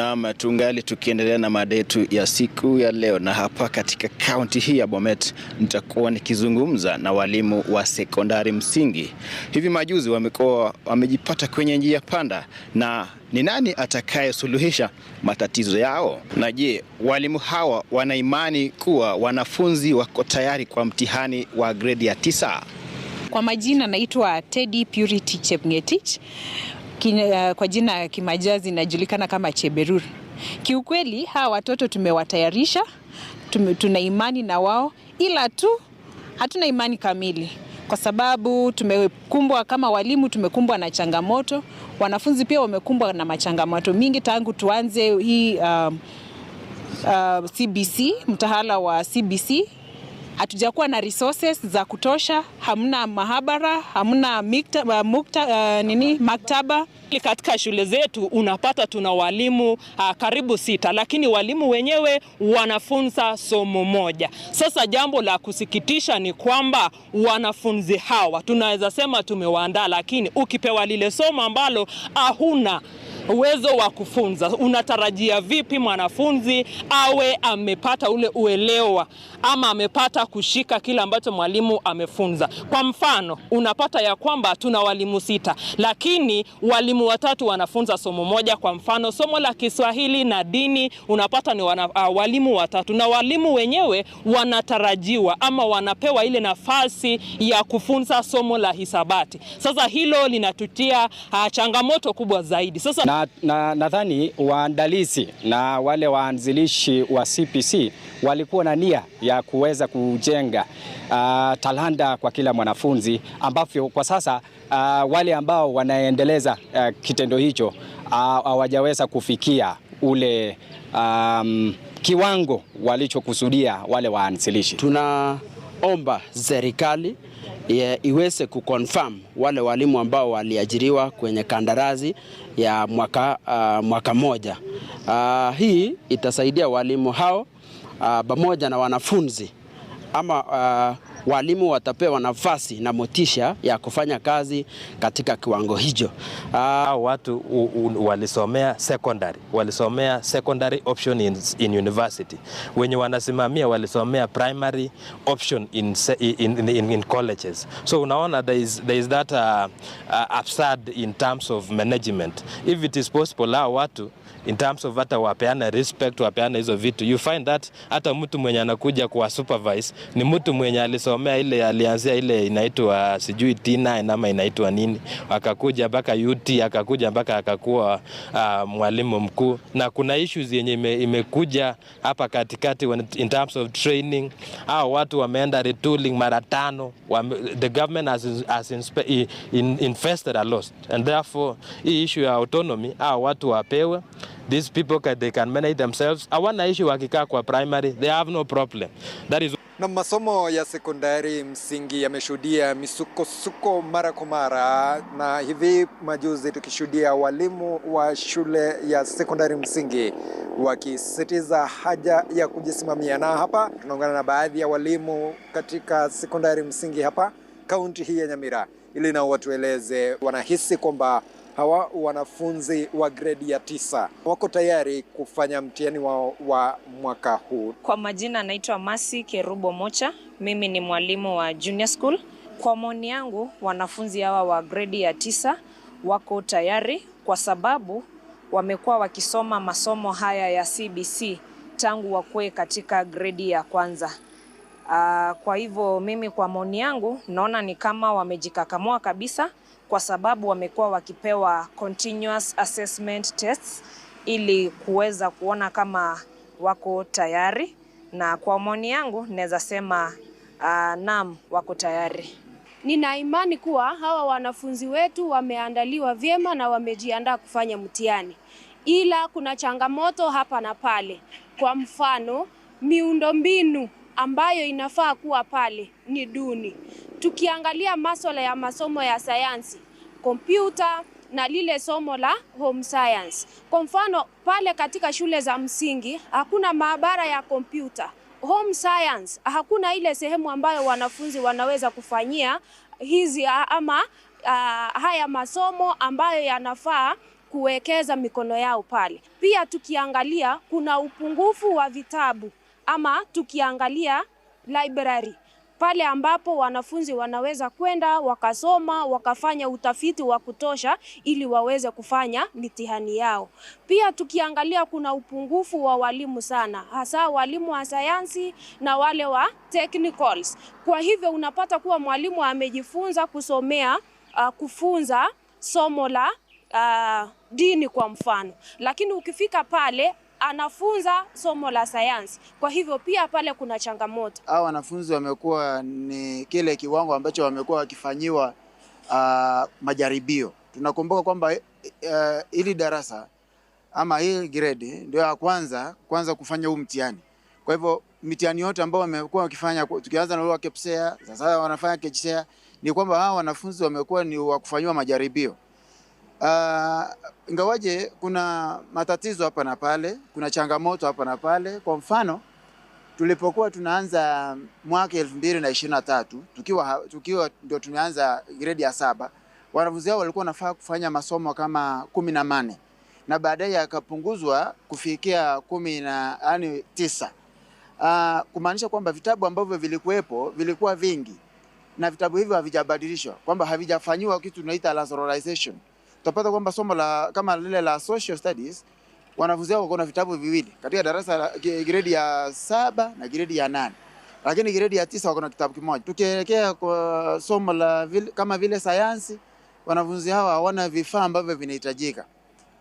Naam, tungali tukiendelea na mada yetu ya siku ya leo, na hapa katika kaunti hii ya Bomet nitakuwa nikizungumza na walimu wa sekondari msingi. Hivi majuzi wamekuwa wamejipata kwenye njia panda, na ni nani atakayesuluhisha matatizo yao, na je, walimu hawa wana imani kuwa wanafunzi wako tayari kwa mtihani wa gredi ya tisa? Kwa majina naitwa Teddy Purity Chepngetich kine, eh, kwa jina ya kimajazi inajulikana kama Cheberur. Kiukweli hawa watoto tumewatayarisha, tuna imani na wao, ila tu hatuna imani kamili kwa sababu tumekumbwa kama walimu, tumekumbwa na changamoto. Wanafunzi pia wamekumbwa na machangamoto mingi tangu tuanze hii um, uh, uh, CBC mtahala wa CBC hatujakuwa na resources za kutosha, hamna mahabara, hamna mikta, uh, mukta, uh, nini maktaba. Katika shule zetu unapata tuna walimu uh, karibu sita, lakini walimu wenyewe wanafunza somo moja. Sasa jambo la kusikitisha ni kwamba wanafunzi hawa tunaweza sema tumewaandaa, lakini ukipewa lile somo ambalo ahuna uh, uwezo wa kufunza, unatarajia vipi mwanafunzi awe amepata ule uelewa ama amepata kushika kile ambacho mwalimu amefunza? Kwa mfano, unapata ya kwamba tuna walimu sita, lakini walimu watatu wanafunza somo moja. Kwa mfano, somo la Kiswahili na dini, unapata ni wana, uh, walimu watatu, na walimu wenyewe wanatarajiwa ama wanapewa ile nafasi ya kufunza somo la hisabati. Sasa hilo linatutia uh, changamoto kubwa zaidi sasa na na nadhani na waandalizi na wale waanzilishi wa CPC walikuwa na nia ya kuweza kujenga uh, talanta kwa kila mwanafunzi ambavyo kwa sasa uh, wale ambao wanaendeleza uh, kitendo hicho ah, hawajaweza uh, kufikia ule um, kiwango walichokusudia wale waanzilishi. Tunaomba serikali eh, iweze kuconfirm wale walimu ambao waliajiriwa kwenye kandarasi ya mwaka, uh, mwaka moja. Uh, hii itasaidia walimu hao ah, pamoja uh, na wanafunzi ama uh, walimu watapewa nafasi na motisha ya kufanya kazi katika kiwango hicho. Aa, ah, watu u, u, walisomea secondary, walisomea secondary option in, in university. Wenye wanasimamia walisomea primary option in, in, in, in colleges. So unaona there is, there is that uh, uh, absurd in terms of management. If it is possible, hao watu in terms of hata wapeana respect, wapeana hizo vitu. You find that hata mtu mwenye anakuja kuwa supervise ni mtu mwenye alisomea ile, alianzia ile inaitwa sijui T9 ama inaitwa nini, akakuja mpaka UT, akakuja mpaka akakuwa uh, mwalimu mkuu, na kuna issues yenye ime, imekuja hapa katikati when, in terms of training, au watu wameenda retooling mara tano, the government has, has inspe, in, invested a lot and therefore hii issue ya autonomy au watu wapewe These people can, they can manage themselves. Hawana issue wakikaa kwa primary, they have no problem. That is... Na masomo ya sekondari msingi yameshuhudia misukosuko mara kwa mara, na hivi majuzi tukishuhudia walimu wa shule ya sekondari msingi wakisisitiza haja ya kujisimamia. Na hapa tunaungana na baadhi ya walimu katika sekondari msingi hapa kaunti hii ya Nyamira, ili nao watueleze wanahisi kwamba Hawa wanafunzi wa gredi ya tisa wako tayari kufanya mtihani wao wa mwaka huu. Kwa majina anaitwa Masi Kerubo Mocha, mimi ni mwalimu wa junior school. Kwa maoni yangu, wanafunzi hawa wa gredi ya tisa wako tayari kwa sababu wamekuwa wakisoma masomo haya ya CBC tangu wakuwe katika gredi ya kwanza. Uh, kwa hivyo mimi kwa maoni yangu naona ni kama wamejikakamua kabisa kwa sababu wamekuwa wakipewa continuous assessment tests ili kuweza kuona kama wako tayari, na kwa maoni yangu naweza sema uh, naam, wako tayari. Nina imani kuwa hawa wanafunzi wetu wameandaliwa vyema na wamejiandaa kufanya mtihani, ila kuna changamoto hapa na pale. Kwa mfano, miundombinu ambayo inafaa kuwa pale ni duni. Tukiangalia masuala ya masomo ya sayansi, kompyuta na lile somo la home science. Kwa mfano, pale katika shule za msingi hakuna maabara ya kompyuta. Home science hakuna ile sehemu ambayo wanafunzi wanaweza kufanyia hizi ama uh, haya masomo ambayo yanafaa kuwekeza mikono yao pale. Pia tukiangalia kuna upungufu wa vitabu ama tukiangalia library pale ambapo wanafunzi wanaweza kwenda wakasoma wakafanya utafiti wa kutosha ili waweze kufanya mitihani yao. Pia tukiangalia kuna upungufu wa walimu sana, hasa walimu wa sayansi na wale wa technicals. Kwa hivyo unapata kuwa mwalimu amejifunza kusomea uh, kufunza somo la uh, dini kwa mfano, lakini ukifika pale anafunza somo la sayansi, kwa hivyo pia pale kuna changamoto. Hao wanafunzi wamekuwa ni kile kiwango ambacho wamekuwa wakifanyiwa uh, majaribio. Tunakumbuka kwamba uh, eh, eh, ili darasa ama hii grade ndio ya kwanza kwanza kufanya huu mtihani, kwa hivyo mitihani yote ambao wamekuwa wakifanya, tukianza na KPSEA, sasa wanafanya KJSEA, ni kwamba hao wanafunzi wamekuwa ni wa kufanyiwa majaribio. Uh, ingawaje kuna matatizo hapa na pale, kuna changamoto hapa na pale. Kwa mfano tulipokuwa tunaanza mwaka elfu mbili na ishirini na tatu tukiwa, tukiwa ndio tumeanza gredi ya saba, wanafunzi hao walikuwa wanafaa kufanya masomo kama kumi na nane na baadaye yakapunguzwa kufikia kumi na yani tisa. Uh, kumaanisha kwamba vitabu ambavyo vilikuwepo vilikuwa vingi na vitabu hivyo havijabadilishwa, kwamba havijafanyiwa kitu tunaita rationalization tutapata kwamba somo la kama lile la social studies wanafunzi wako kuna vitabu viwili katika darasa la gredi ya saba na gredi ya nane, lakini gredi ya tisa wako na kitabu kimoja. Tukielekea kwa somo la vile, kama vile sayansi, wanafunzi hawa hawana vifaa ambavyo vinahitajika.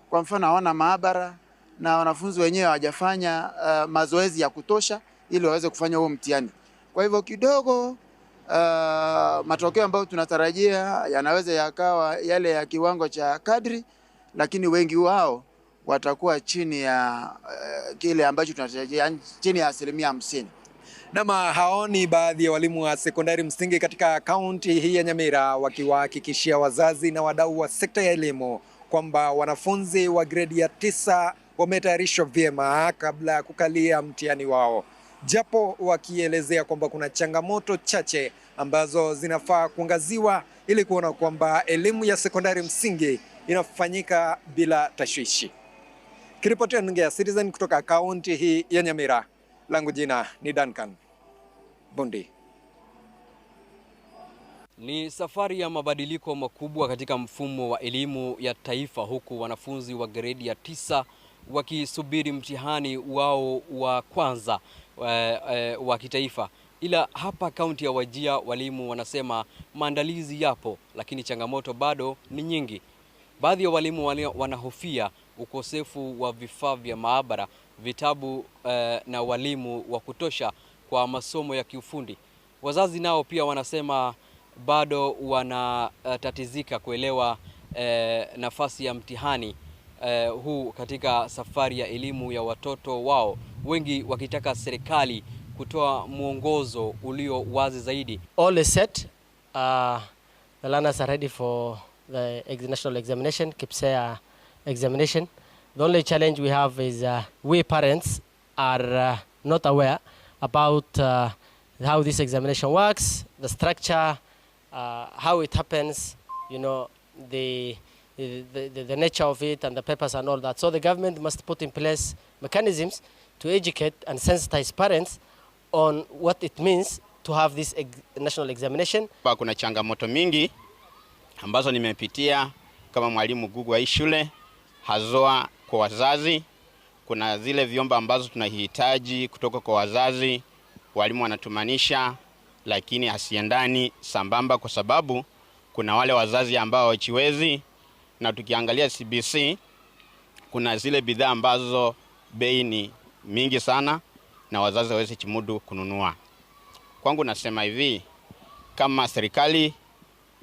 Kwa mfano, hawana maabara na wanafunzi wenyewe hawajafanya uh, mazoezi ya kutosha ili waweze kufanya huo mtihani. Kwa hivyo kidogo uh, matokeo ambayo tunatarajia yanaweza yakawa yale ya kiwango cha kadri, lakini wengi wao watakuwa chini ya uh, kile ambacho tunatarajia chini ya asilimia hamsini. Nama ah, haoni baadhi ya walimu wa sekondari msingi katika kaunti hii ya Nyamira wakiwahakikishia wazazi na wadau wa sekta ya elimu kwamba wanafunzi wa gredi ya tisa wametayarishwa vyema kabla ya kukalia mtihani wao japo wakielezea kwamba kuna changamoto chache ambazo zinafaa kuangaziwa ili kuona kwamba elimu ya sekondari msingi inafanyika bila tashwishi. Kiripotia ninge ya Citizen kutoka kaunti hii ya Nyamira, langu jina ni Duncan Bundi. Ni safari ya mabadiliko makubwa katika mfumo wa elimu ya taifa, huku wanafunzi wa gredi ya tisa wakisubiri mtihani wao wa kwanza wa, eh, eh, wa kitaifa. Ila hapa kaunti ya Wajia walimu wanasema maandalizi yapo, lakini changamoto bado ni nyingi. Baadhi ya walimu wanahofia ukosefu wa vifaa vya maabara, vitabu eh, na walimu wa kutosha kwa masomo ya kiufundi. Wazazi nao pia wanasema bado wanatatizika kuelewa eh, nafasi ya mtihani eh, huu katika safari ya elimu ya watoto wao, wengi wakitaka serikali kutoa mwongozo ulio wazi zaidi. All is set. Uh, the learners are ready for the national examination, KPSEA examination. The only challenge we have is uh, we parents are uh, not aware about uh, how this examination works, the structure, uh, how it happens, you know, the the, the, the, nature of it and the purpose and all that. So the government must put in place mechanisms to educate and sensitize parents on what it means to have this ex national examination. Kuna changamoto mingi ambazo nimepitia kama mwalimu gugu wa hii shule, hazoa kwa wazazi. Kuna zile vyombo ambazo tunahitaji kutoka kwa wazazi, walimu wanatumanisha, lakini hasiendani sambamba, kwa sababu kuna wale wazazi ambao hawajiwezi na tukiangalia CBC kuna zile bidhaa ambazo bei ni mingi sana na wazazi hawezi chimudu kununua. Kwangu nasema hivi, kama serikali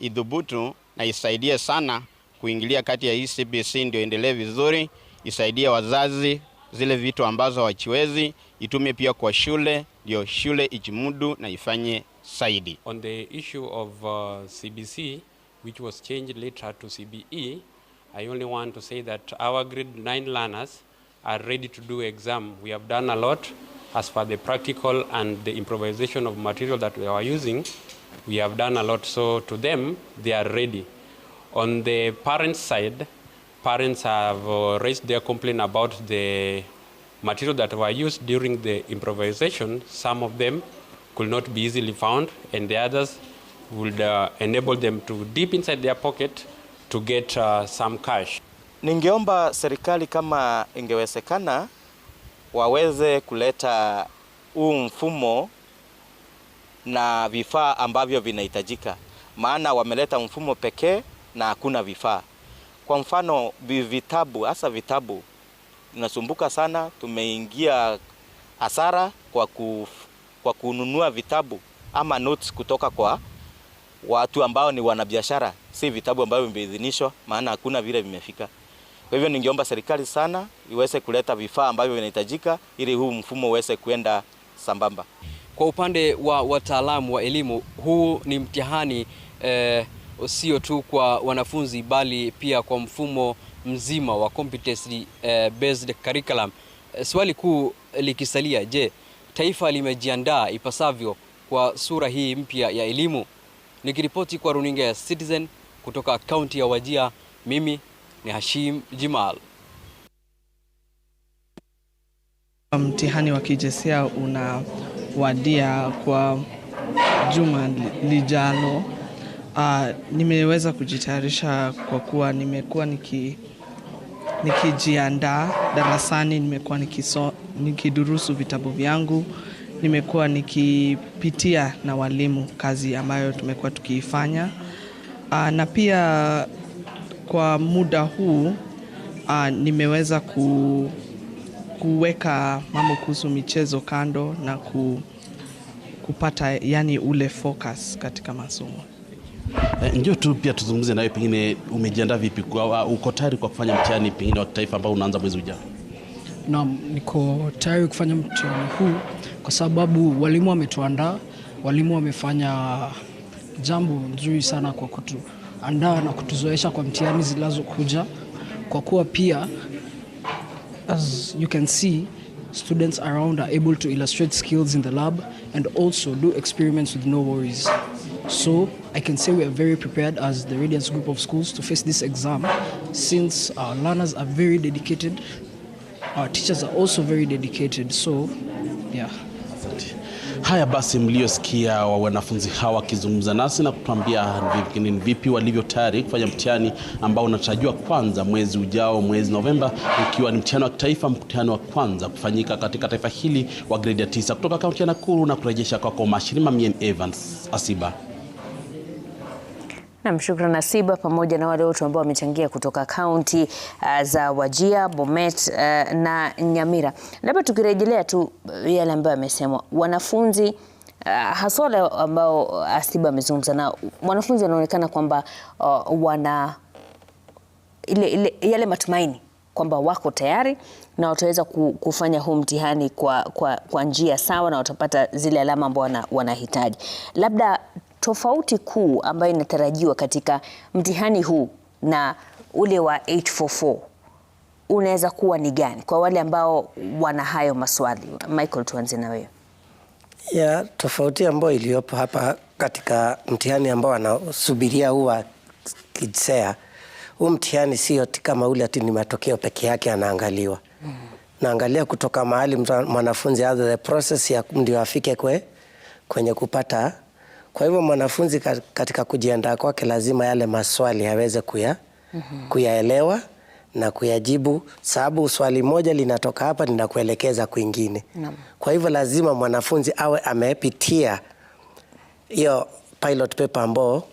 idhubutu na isaidie sana kuingilia kati ya hii CBC ndio endelee vizuri, isaidie wazazi zile vitu ambazo hawachiwezi, itume pia kwa shule ndio shule ichimudu na ifanye saidi. On the issue of uh, CBC which was changed later to CBE, I only want to say that our grade 9 learners are ready to do exam. We have done a lot as for the practical and the improvisation of material that we are using. We have done a lot, so to them, they are ready. On the parents' side, parents have uh, raised their complaint about the material that were used during the improvisation. Some of them could not be easily found, and the others would uh, enable them to deep inside their pocket to get uh, some cash. Ningeomba serikali kama ingewezekana waweze kuleta huu mfumo na vifaa ambavyo vinahitajika, maana wameleta mfumo pekee na hakuna vifaa. Kwa mfano vitabu, hasa vitabu inasumbuka sana. Tumeingia hasara kwa, ku, kwa kununua vitabu ama notes kutoka kwa watu ambao ni wanabiashara, si vitabu ambavyo vimeidhinishwa, maana hakuna vile vimefika. Kwa hivyo ningeomba serikali sana iweze kuleta vifaa ambavyo vinahitajika ili huu mfumo uweze kuenda sambamba. Kwa upande wa wataalamu wa elimu, huu ni mtihani eh, sio tu kwa wanafunzi bali pia kwa mfumo mzima wa competency eh, based curriculum. Eh, swali kuu likisalia, je, taifa limejiandaa ipasavyo kwa sura hii mpya ya elimu? Nikiripoti kwa runinga ya Citizen kutoka kaunti ya Wajia, mimi ni Hashim Jimal. Mtihani wa una unawadia kwa juma lijalo. Uh, nimeweza kujitayarisha kwa kuwa nimekuwa niki nikijiandaa darasani, nimekuwa nikiso, nikidurusu vitabu vyangu nimekuwa nikipitia na walimu kazi ambayo tumekuwa tukiifanya, ah, na pia kwa muda huu Uh, nimeweza ku, kuweka mambo kuhusu michezo kando na ku, kupata yani ule focus katika masomo. Eh, ndio tu pia tuzungumze nawe, pengine umejiandaa vipi? Uko tayari kwa kufanya mtihani pengine wa kitaifa ambao unaanza mwezi ujao? Naam, niko tayari kufanya mtihani huu kwa sababu walimu wametuandaa, walimu wamefanya jambo nzuri sana kwa kutuandaa na kutuzoesha kwa mtihani zinazokuja, kwa kuwa pia as you can see students around are able to illustrate skills in the lab and also do experiments with no worries. So I can say we are very prepared as the Radiance Group of Schools to face this exam since our learners are very dedicated, our teachers are also very dedicated. So, yeah. Haya basi, mliosikia wa wanafunzi hawa wakizungumza nasi na kutuambia ni vipi walivyo tayari kufanya mtihani ambao unatarajiwa kwanza mwezi ujao, mwezi Novemba, ukiwa ni mtihani wa kitaifa, mtihani wa kwanza kufanyika katika taifa hili wa gredi ya tisa kutoka kaunti ya Nakuru na kurejesha kwako kwa Mashirima Mien Evans Asiba. Nam, shukran Nasiba, pamoja na wale wote ambao wamechangia kutoka kaunti uh, za Wajia, Bomet uh, na Nyamira. Labda tukirejelea tu uh, yale ambayo amesemwa wanafunzi uh, hasa wale ambao uh, Asiba amezungumza na wanafunzi wanaonekana kwamba uh, wana ile, ile, yale matumaini kwamba wako tayari na wataweza kufanya huu mtihani kwa, kwa, kwa njia sawa na watapata zile alama ambao wanahitaji. Labda Tofauti kuu ambayo inatarajiwa katika mtihani huu na ule wa 844 unaweza kuwa ni gani kwa wale ambao wana hayo maswali? Michael, tuanze na wewe. Ya tofauti ambayo iliyopo hapa katika mtihani ambao anasubiria huu wa KJSEA, huu mtihani sio kama ule ati ni matokeo peke yake anaangaliwa mm. Naangalia kutoka mahali mwanafunzi the process ya ndio afike kwe, kwenye kupata kwa hivyo mwanafunzi katika kujiandaa kwake lazima yale maswali aweze kuya, mm -hmm. kuyaelewa na kuyajibu, sababu swali moja linatoka hapa linakuelekeza kwingine. mm -hmm. Kwa hivyo lazima mwanafunzi awe amepitia hiyo pilot paper ambao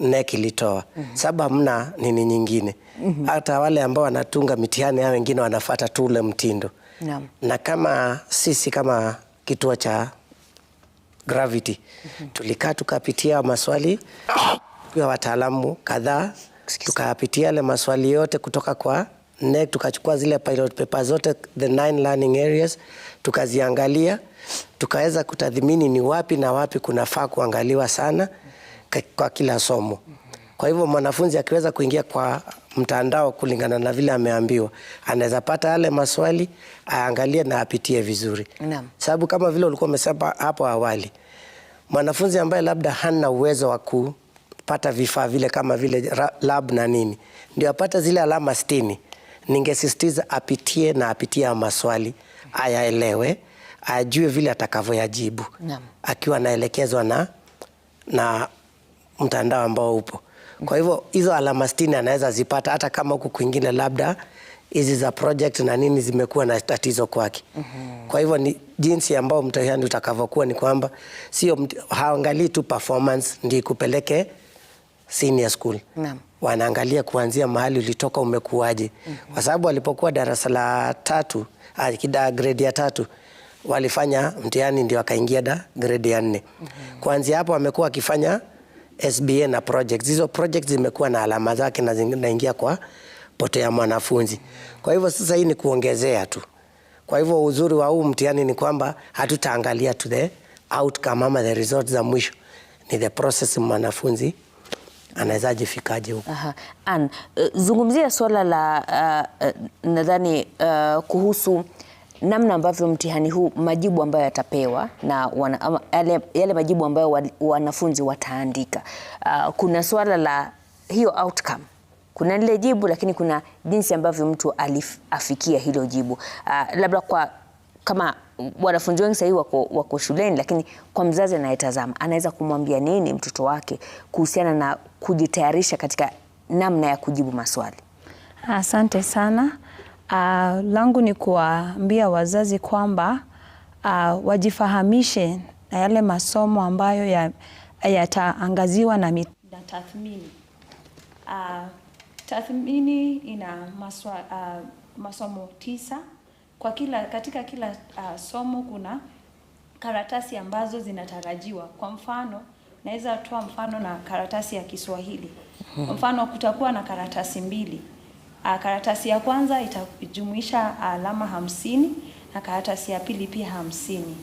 NEC ilitoa. mm -hmm. Sababu hamna nini nyingine. mm -hmm. Hata wale ambao wanatunga mitihani yao wengine wanafuata tu ule mtindo. -hmm. Na kama sisi kama kituo cha gravity. Mm -hmm. Tulikaa tukapitia maswali ya wataalamu kadhaa, tukapitia yale maswali yote kutoka kwa NEC, tukachukua zile pilot paper zote, the nine learning areas, tukaziangalia, tukaweza kutathmini ni wapi na wapi kunafaa kuangaliwa sana kwa kila somo. Mhm. Kwa hivyo mwanafunzi akiweza kuingia kwa mtandao kulingana na vile ameambiwa, anaweza pata yale maswali aangalie na apitie vizuri, sababu kama vile ulikuwa umesema hapo awali, mwanafunzi ambaye labda hana uwezo wa kupata vifaa vile kama vile lab na nini, ndio apate zile alama sitini, ningesisitiza apitie na apitie maswali ayaelewe, ajue vile atakavyoyajibu akiwa anaelekezwa na, na mtandao ambao upo. Kwa hivyo hizo alama 60 anaweza zipata hata kama huku kwingine labda hizi za project na nini zimekuwa na tatizo kwake. mm -hmm. Kwa hivyo ni jinsi ambayo mtihani utakavyokuwa ni kwamba sio haangalii tu performance ndio kupeleke senior school. Naam. Wanaangalia kuanzia mahali ulitoka umekuwaje. mm -hmm. Kwa sababu alipokuwa darasa la tatu akida ah, grade ya tatu walifanya mtihani ndio akaingia da grade ya nne. mm -hmm. Kuanzia hapo amekuwa akifanya SBA na projects. Hizo projects zimekuwa na alama zake na zinaingia kwa potea mwanafunzi. Kwa hivyo sasa hii ni kuongezea tu. Kwa hivyo uzuri wa huu mtihani ni kwamba hatutaangalia to the outcome ama the results za mwisho, ni the process mwanafunzi anaweza jifikaje huko. Eh, zungumzia swala la uh, nadhani uh, kuhusu namna ambavyo mtihani huu majibu ambayo yatapewa na wana, ama, yale, yale majibu ambayo wanafunzi wataandika. Uh, kuna swala la hiyo outcome kuna lile jibu lakini kuna jinsi ambavyo mtu alifikia hilo jibu. Uh, labda kwa kama wanafunzi wengi sahii wako, wako shuleni, lakini kwa mzazi anayetazama anaweza kumwambia nini mtoto wake kuhusiana na kujitayarisha katika namna ya kujibu maswali? Asante sana. Uh, langu ni kuwaambia wazazi kwamba uh, wajifahamishe na yale masomo ambayo yataangaziwa ya na, na tathmini. Uh, tathmini ina maswa, uh, masomo tisa kwa kila, katika kila uh, somo kuna karatasi ambazo zinatarajiwa. Kwa mfano naweza toa mfano na karatasi ya Kiswahili. Hmm. Mfano kutakuwa na karatasi mbili Ah, karatasi ya kwanza itajumuisha ah, alama hamsini na karatasi ya pili pia hamsini.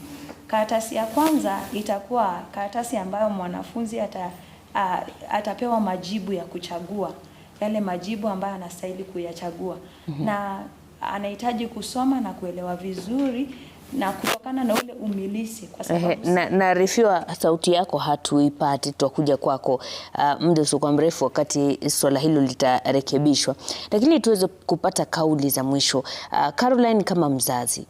Karatasi ya kwanza itakuwa karatasi ambayo mwanafunzi ata, ah, atapewa majibu ya kuchagua yale majibu ambayo anastahili kuyachagua, mm -hmm. na anahitaji kusoma na kuelewa vizuri na kutokana na ule umilisi kwa sababu na, rifiwa sauti yako hatuipati, tutakuja kwako uh, muda usiokuwa mrefu, wakati swala hilo litarekebishwa, lakini tuweze kupata kauli za mwisho uh, Caroline, kama mzazi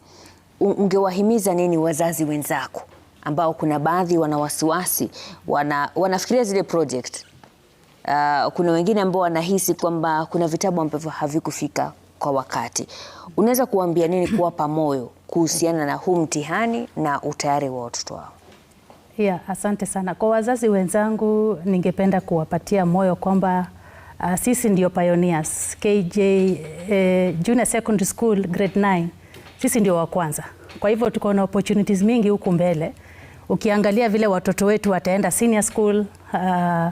ungewahimiza nini wazazi wenzako ambao kuna baadhi wana wasiwasi, wana wanafikiria zile project uh, kuna wengine ambao wanahisi kwamba kuna vitabu ambavyo havikufika kwa wakati. Unaweza kuambia nini kuwapa moyo kuhusiana na huu mtihani na utayari wa watoto wao? Yeah, asante sana kwa wazazi wenzangu, ningependa kuwapatia moyo kwamba uh, sisi ndio pioneers KJ eh, Junior Secondary School grade 9 sisi ndio wa kwanza, kwa hivyo tuko na opportunities mingi huku mbele. Ukiangalia vile watoto wetu wataenda senior school uh,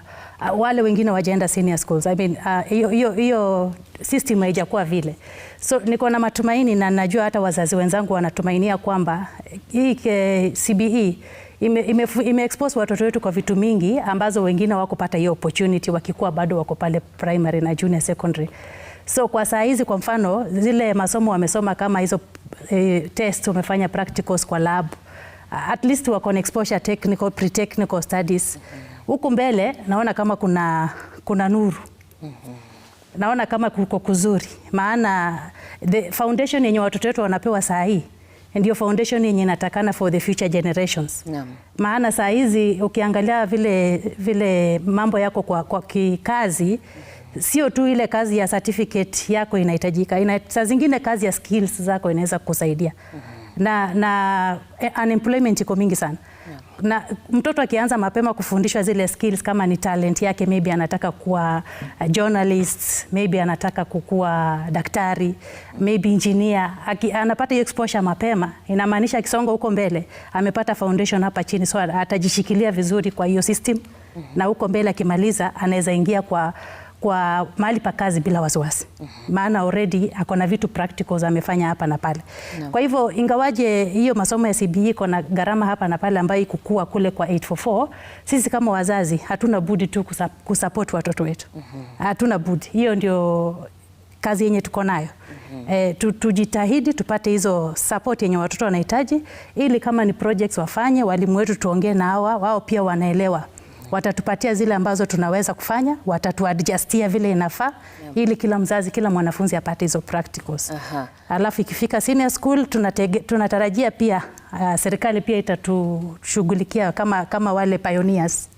uh, wale wengine wajaenda senior schools. I mean ah, hiyo uh, hiyo system haijakuwa vile, so niko na matumaini na najua hata wazazi wenzangu wanatumainia kwamba hii CBE e ime, ime, ime expose watoto wetu kwa vitu mingi ambazo wengine hawakupata hiyo opportunity wakikuwa bado wako pale primary na junior secondary. So kwa saa hizi kwa mfano zile masomo wamesoma kama hizo eh, test wamefanya practicals kwa lab at least wako na exposure technical pre-technical studies mm -hmm. Huku mbele naona kama kuna, kuna nuru naona kama kuko kuzuri, maana the foundation yenye watoto wetu wanapewa saa hii ndio foundation yenye inatakana for the future generations yeah. Maana saa hizi ukiangalia vile, vile mambo yako kwa, kwa kikazi sio tu ile kazi ya certificate yako inahitajika ina, saa zingine kazi ya skills zako inaweza kukusaidia mm -hmm. Na, na eh, unemployment iko mingi sana na mtoto akianza mapema kufundishwa zile skills, kama ni talent yake, maybe anataka kuwa uh, journalist, maybe anataka kukuwa daktari, maybe engineer. Aki, anapata hiyo exposure mapema, inamaanisha akisonga huko mbele amepata foundation hapa chini, so atajishikilia vizuri kwa hiyo system, na huko mbele akimaliza anaweza ingia kwa kwa mahali pa kazi bila wasiwasi mm -hmm. Maana already ako na vitu practicals amefanya hapa na pale no. Kwa hivyo ingawaje hiyo masomo ya CBE iko na gharama hapa na pale ambayo ikukua kule kwa 844, sisi kama wazazi hatuna budi tu kusupport watoto wetu mm -hmm. Hatuna budi, hiyo ndio kazi yenye tuko nayo mm -hmm. E, tujitahidi tupate hizo support yenye watoto wanahitaji, ili kama ni projects wafanye, walimu wetu tuongee na hawa wao pia wanaelewa watatupatia zile ambazo tunaweza kufanya, watatuadjustia vile inafaa yeah. ili kila mzazi, kila mwanafunzi apate hizo practicals. Aha. Alafu ikifika senior school tunatege, tunatarajia pia uh, serikali pia itatushughulikia kama, kama wale pioneers.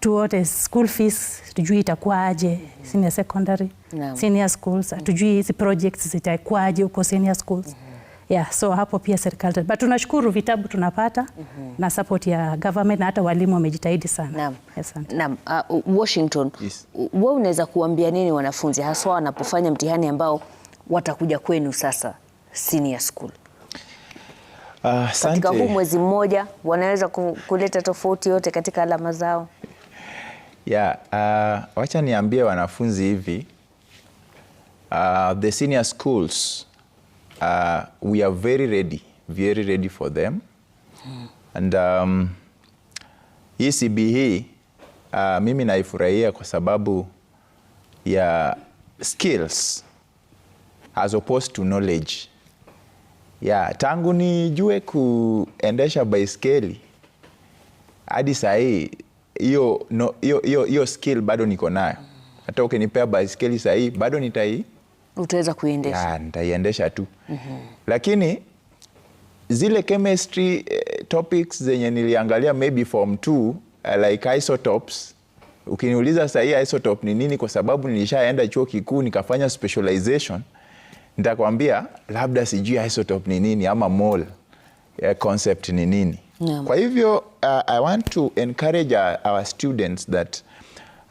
tuote school fees tujui itakuwa aje mm-hmm. senior secondary yeah. senior schools hatujui hizi projects zitakuwa aje huko senior schools mm -hmm yeah, so hapo pia serikali, but tunashukuru vitabu tunapata mm -hmm. na support ya government na hata walimu wamejitahidi sana. Naam, uh, uh, Washington yes. Wewe unaweza kuambia nini wanafunzi haswa wanapofanya mtihani ambao watakuja kwenu sasa senior school? Uh, katika huu mwezi mmoja wanaweza kuleta tofauti yote katika alama zao ya yeah, uh, wacha niambie wanafunzi hivi uh, the senior schools uh, we are very ready, very ready for them. Mm. And um, ECB hii e, uh, mimi naifurahia kwa sababu ya skills as opposed to knowledge. Yeah, tangu nijue kuendesha baiskeli hadi sahii hiyo no, skill bado niko nayo. Hata ukinipea baiskeli sahii bado nitai utaweza kuiendesha, nitaiendesha tu mm -hmm. Lakini zile chemistry eh, topics zenye niliangalia maybe form 2 uh, eh, like isotopes ukiniuliza sasa hii isotope ni nini, kwa sababu nilishaenda chuo kikuu nikafanya specialization, nitakwambia labda sijui isotope ni nini ama mole uh, concept ni nini yeah. Kwa hivyo uh, I want to encourage our students that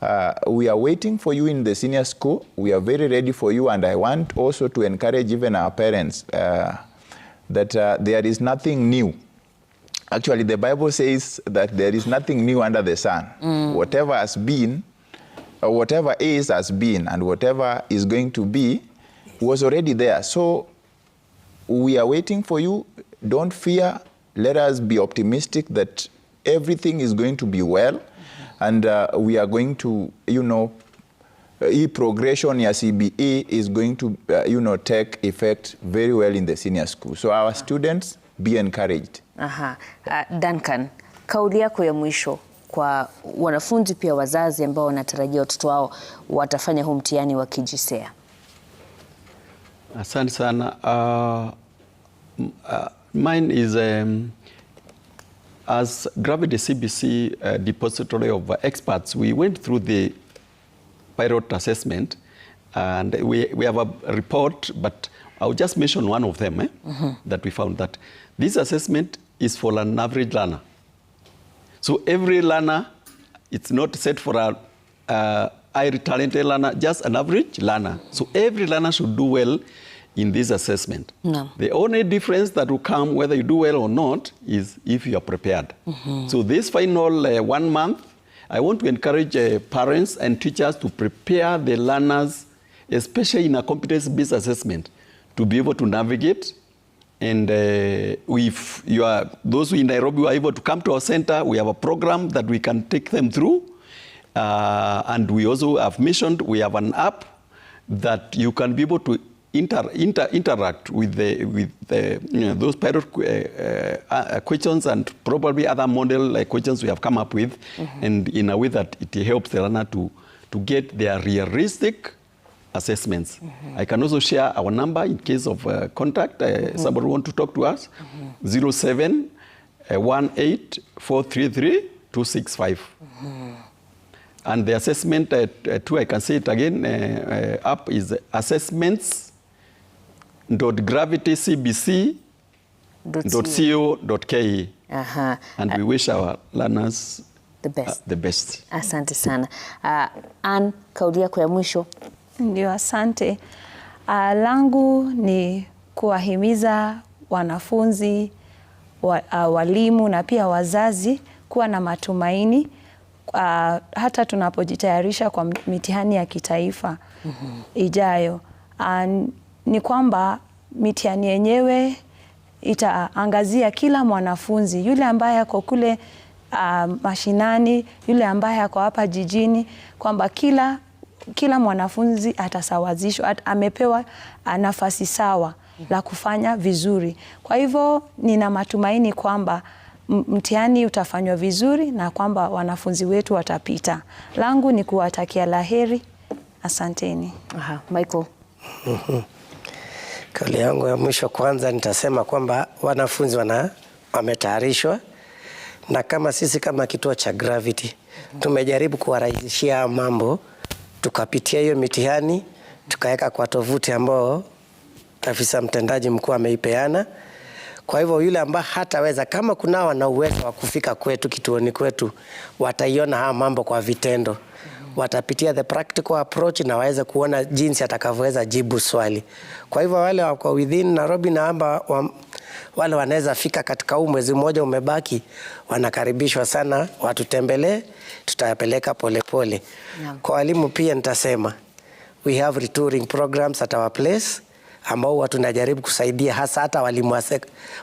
Uh, we are waiting for you in the senior school. We are very ready for you. And I want also to encourage even our parents uh, that uh, there is nothing new. Actually, the Bible says that there is nothing new under the sun. Mm. Whatever has been, or whatever is, has been, and whatever is going to be was already there. So we are waiting for you. Don't fear. Let us be optimistic that everything is going to be well. and uh, we are going to, you know, e progression ya CBE is going to, uh, you know, take effect very well in the senior school. So our ah. students be encouraged. Aha. Uh, Duncan, kauli yako ya mwisho kwa wanafunzi pia wazazi ambao wanatarajia watoto wao watafanya huu mtihani wa kijisea Asante sana. Uh, uh, mine is um, As Gravity CBC uh, Depository of Experts, we went through the pilot assessment and we, we have a report, but I'll just mention one of them eh, mm -hmm. that we found that this assessment is for an average learner. So every learner, it's not set for a uh, high talented learner, just an average learner. So every learner should do well in this assessment. No. The only difference that will come whether you do well or not is if you are prepared. Mm -hmm. So this final uh, one month, I want to encourage uh, parents and teachers to prepare the learners, especially in a competence-based assessment, to be able to navigate. And uh, if you are, those who in Nairobi who are able to come to our center, we have a program that we can take them through. Uh, and we also have mentioned we have an app that you can be able to inter, inter, interact with, the, with the, you know, those pilot uh, uh, uh, questions and probably other model uh, questions we have come up with, mm -hmm. and in a way that it helps the learner to, to get their realistic assessments. Mm -hmm. I can also share our number in case of uh, contact. Uh, mm -hmm. Somebody want to talk to us? Mm-hmm. Zero seven uh, one eight four three three two six five. Mm-hmm. And the assessment, uh, I can say it again, uh, up is assessments gravitycbc.co.ke Aha. And we uh, wish our learners the best. Uh, the best. Asante sana. Uh, Ann, kauli yako ya mwisho. Ndio, asante. Uh, langu ni kuwahimiza wanafunzi wa, uh, walimu na pia wazazi kuwa na matumaini uh, hata tunapojitayarisha kwa mitihani ya kitaifa mm -hmm. ijayo. And ni kwamba mitihani yenyewe itaangazia kila mwanafunzi yule ambaye ako kule uh, mashinani, yule ambaye ako hapa jijini, kwamba kila kila mwanafunzi atasawazishwa at, amepewa ah, nafasi sawa la kufanya vizuri. Kwa hivyo nina matumaini kwamba mtihani utafanywa vizuri na kwamba wanafunzi wetu watapita. Langu ni kuwatakia laheri, asanteni. Aha, Michael. Mhm. Kauli yangu ya mwisho kwanza, nitasema kwamba wanafunzi wana wametayarishwa, na kama sisi kama kituo cha Gravity tumejaribu kuwarahisishia mambo, tukapitia hiyo mitihani tukaweka kwa tovuti ambao afisa mtendaji mkuu ameipeana. Kwa hivyo yule ambaye hataweza, kama kunao wana uwezo wa kufika kwetu kituoni kwetu, wataiona haya mambo kwa vitendo watapitia the practical approach na waweze kuona jinsi atakavyoweza jibu swali. Kwa hivyo wale wako within Nairobi na wa, wale wanaweza fika katika huu mwezi mmoja umebaki, wanakaribishwa sana, watutembelee, tutayapeleka polepole. Kwa walimu pia nitasema we have retouring programs at our place ambao tunajaribu kusaidia hasa hata walimu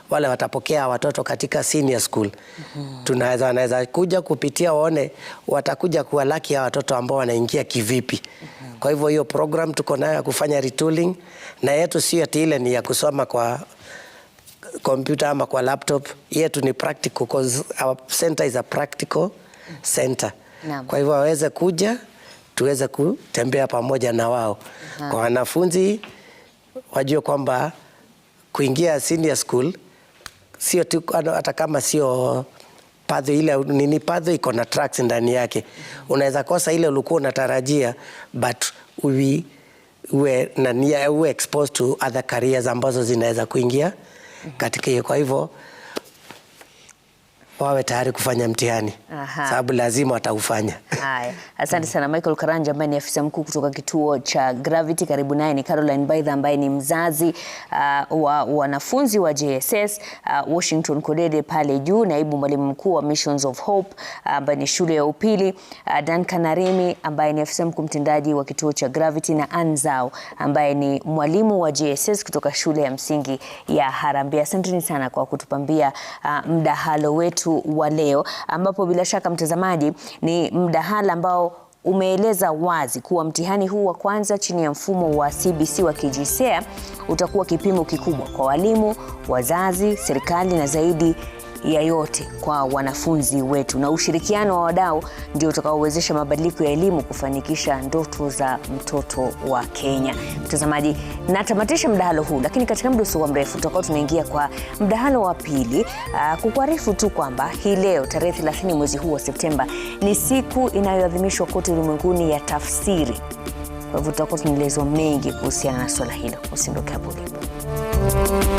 wale watapokea watoto katika senior school mm -hmm. Tunaweza wanaweza kuja kupitia waone watakuja kuwa laki ya watoto ambao wanaingia kivipi mm -hmm. Kwa hivyo hiyo program tuko nayo ya kufanya retooling, na yetu sio ati ile ni ya kusoma kwa kompyuta ama kwa laptop, yetu ni practical cause our center is a practical center mm -hmm. Kwa hivyo waweze kuja tuweze kutembea pamoja na wao mm -hmm. Kwa wanafunzi wajue kwamba kuingia senior school sio tu, hata kama sio padho ile nini, padho iko na tracks ndani yake. Unaweza kosa ile ulikuwa unatarajia, but we we na we exposed to other careers ambazo zinaweza kuingia katika hiyo, kwa hivyo wawe tayari kufanya mtihani, sababu lazima wataufanya. Haya, asante sana Michael Karanja ambaye ni afisa mkuu kutoka kituo cha Gravity. Karibu naye ni Caroline Baidha ambaye ni mzazi uh, wa wanafunzi wa JSS uh, Washington Kodede pale juu, naibu mwalimu mkuu wa Missions of Hope uh, ambaye uh, ni shule ya upili uh, Dan Kanarimi ambaye ni afisa mkuu mtendaji wa kituo cha Gravity na Anzao ambaye ni mwalimu wa JSS kutoka shule ya msingi ya Harambee. Asanteni sana kwa kutupambia uh, mdahalo wetu wetu wa leo, ambapo bila shaka mtazamaji, ni mdahala ambao umeeleza wazi kuwa mtihani huu wa kwanza chini ya mfumo wa CBC wa KJSEA utakuwa kipimo kikubwa kwa walimu, wazazi, serikali na zaidi ya yote kwa wanafunzi wetu, na ushirikiano wa wadau ndio utakaowezesha mabadiliko ya elimu kufanikisha ndoto za mtoto wa Kenya. Mtazamaji, natamatisha mdahalo huu, lakini katika muda usio mrefu tutakuwa tunaingia kwa mdahalo wa pili. Ah, kukuarifu tu kwamba hii leo tarehe 30 mwezi huu wa Septemba ni siku inayoadhimishwa kote ulimwenguni ya tafsiri. Kwa hivyo tutakuwa tunaelezwa mengi kuhusiana na swala hilo. Usiondoke hapo ulipo.